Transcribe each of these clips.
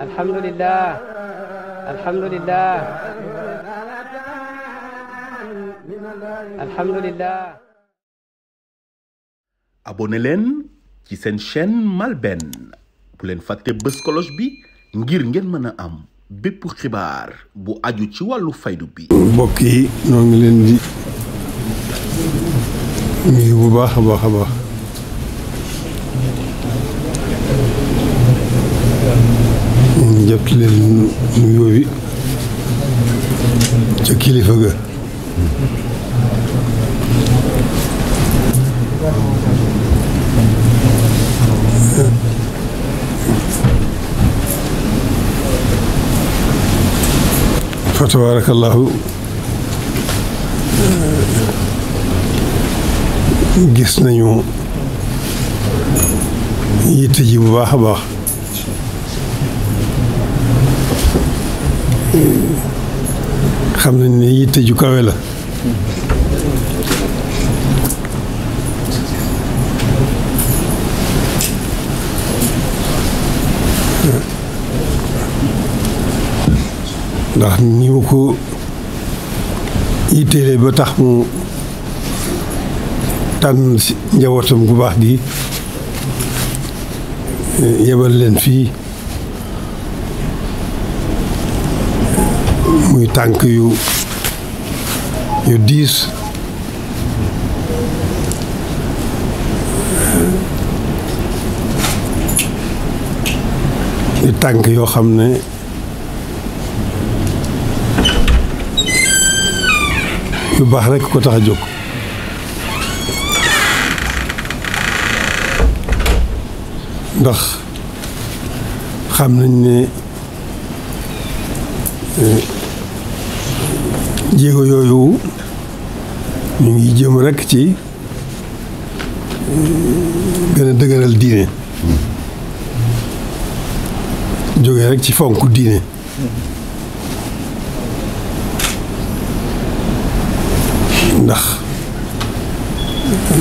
alhamdulilah alhamdulilah alhamdulilah. abonné leen ci seen chen malben bu leen fàtte bës cloche bi ngir ngeen mën a am bépp xibaar bu aju ci wàllu faydu bi. mbokk leen di. nuyu bu baax a baax a baax ñu jot leen nuyoo bi ca kilifa ga fa tabarakallahu gis nañu yitte ji bu baax a baax xam nañ ne yitte ju kawe la ndax ni mu ko yitteele ba tax mu tànn njabootam gu baax gi yebal leen fii muy tànk yu yu diis di tànk yoo xam ne yu baax rekk ko tax a jóg ndax xam nañ ne eh, jéego yooyu ñu ngi jëm rekk ci eh, gën a dëgëral diine jóge rekk ci fonk diine ndax eh,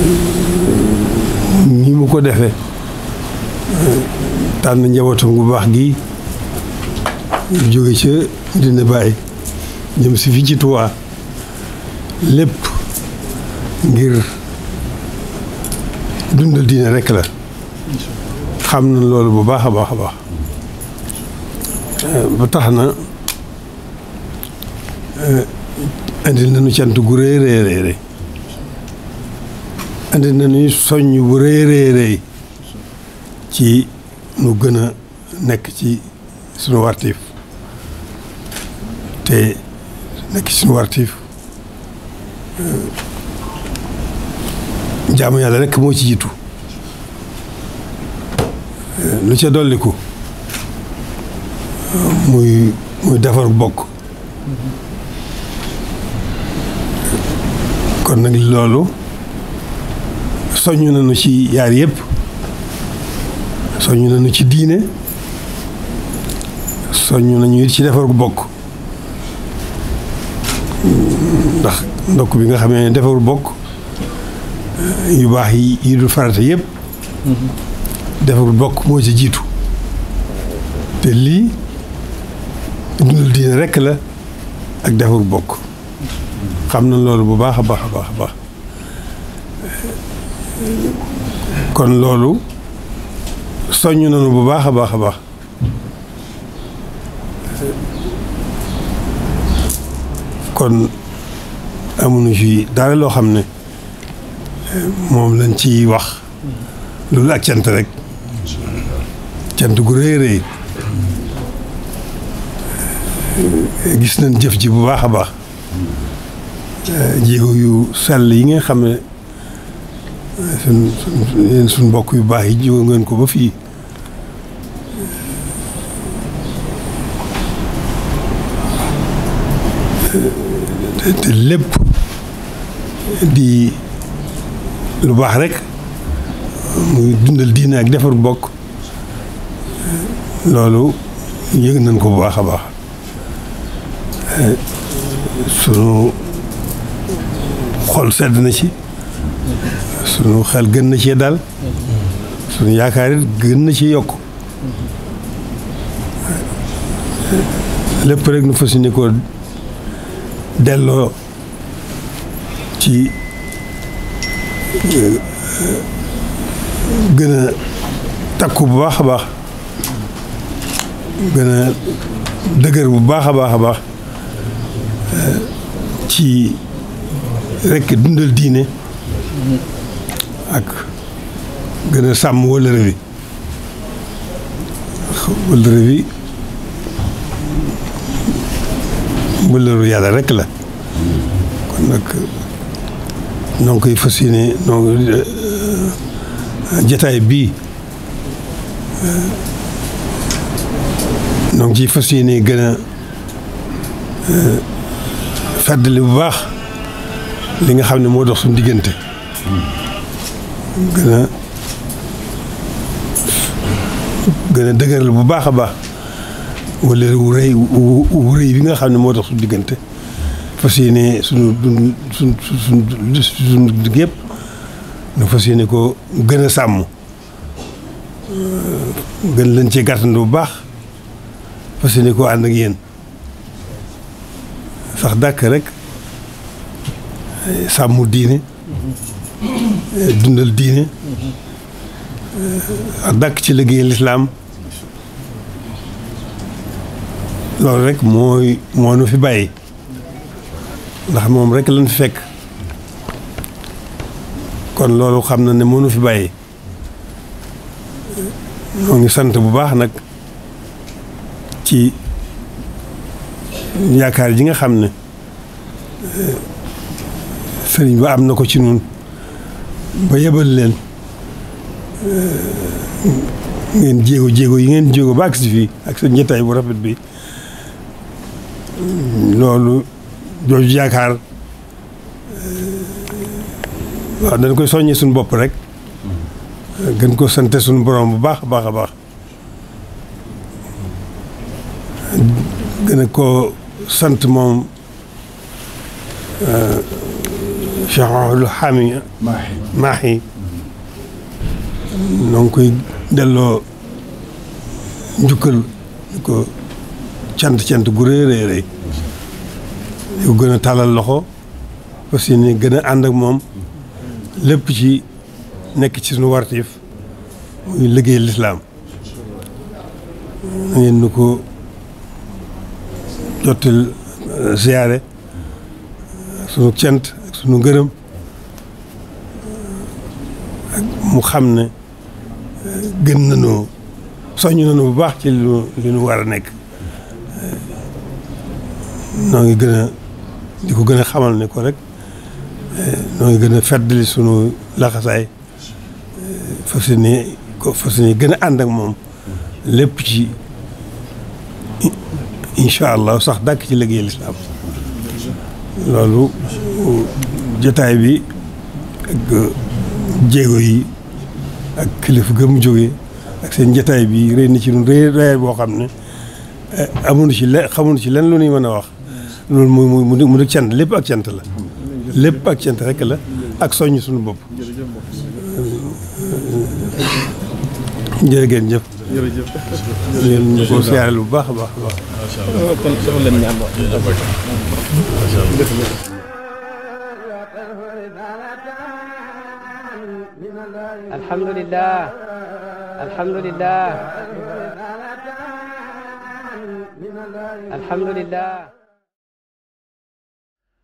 ni mu ko defee tànn njabootam bu baax gi jóge ca Medina Baye ñoom si fi ci Touba lépp ngir dundal diine rekk la xam na loolu bu baax a baax a baax ba tax na indil eh, nañu cant gu rëy rëy rëy indil nañu soññ bu rëy rëy rëy ci nu gën a nekk ci sunu wartiif te nekk ci sunu wartiif jaamu yàlla rekk moo ci jiitu lu ca dolliku muy muy defar bokk kon nag loolu soññ nañu ci yaar yëpp soññ nañu ci diine soññ nañu it ci defar gu bokk ndax ndokk bi nga xamee ne defaru bokk yu baax yi yi dul farata yëpp defarul bokk moo ci jiitu te lii dundal diine rekk la ak defarul bokk xam na loolu bu baax a baax a baax a baax kon loolu soññ nañu bu baax a baax a baax kon amuñu fi daal loo xam ne moom lañ ciy wax loolu ak cant rek cant gu rëy rëy gis nañ jëf ji bu baax a baax jéego yu sell yi nga xam ne suñ suñ suñ mbokk yu baax yi jiw ngeen ko ba fii te lépp di lu baax rekk muy dundal diine ak defar bokk loolu yëg nañ ko bu baax a baax sunu xol sedd na ci sunu xel gën na ci daal sunu yaakaar it gën na ci yokk lépp rek nu fas yéene ko delloo ci euh, gën a takku bu baax a baax gën a dëgër bu baax a baax a baax euh, ci rekk dundal diine ak gën a sàmm wëllëre wi wëllëre mbëllëru yàlla rek la kon nag noo ngi koy fas yéene noo euh, jataay bii euh, noo ngi ciy fas yéene gën a euh, fàttali bu baax li nga xam ne moo dox suñu diggante gën a gën a dëgëral bu baax a baax wala wu rëy wu bi nga xam ne moo tax suñu diggante fas yéene suñu dund suñ suñ suñu dund yëpp yéene ko gën a sàmm euh, gën leen ci gàttandu bu baax fas yéene koo ànd ak yéen sax dàkk rek sàmm diine dundal diine sax euh, dàkk ci liggéey lislaam loolu rek mooy moo nu fi bàyyi ndax moom rek lañ fi fekk kon loolu xam na ne moo nu fi bàyyi ñoo ngi sant bu baax nag ci yaakaar ji nga xam ne sëriñ ba am na ko ci nun ba yebal leen ngeen jéego jéego yi ngeen jéego ba agsi fii ak seen njëtaay bu rafet bi loolu jooju yaakaar euh, waaw dañ koy soññi suñ bopp rek gën ko sante suñ boroom bu baax a baax a baax gën a ko sant moom euh, Cheikh Mahamadou Hami Mahi noo koy delloo njukkal ko cant-cant gu rëy rëy yu gën a tàllal loxo parce ni gën a ànd ak moom lépp ci nekk ci suñu wartiif muy liggéey lislaam na nu ko jottil euh, ziyaare sunu cant ak sunu ngërëm ak mu xam ne euh, gën nañu soññ nañu bu baax ci li nu war a nekk noo ngi gën a di ko gën a xamal ne ko rek eh, noo ngi gën a feddali sunu laxasaay eh, fas yéene fas yéene gën a ànd ak moom lépp ci incha allah sax dàkk ci liggéey lislaam loolu jotaay bi ak jéego yi ak kilifa gëm jóge ak seen jotaay bi rëy na ci lu rëy rëy boo xam ne eh, amuñu ci le xamuñu ci lenn lu ñuy mën a wax loolu mu mu mu di cant lépp ak cant la lépp ak cant rek la ak soññ suñu bopp jërë ngeen jëf jërëjëf leen ñu ko siyaareel bu baax a baax a baax kon soxla leen ñu am wax alhamdulillah alhamdulillah alhamdulillah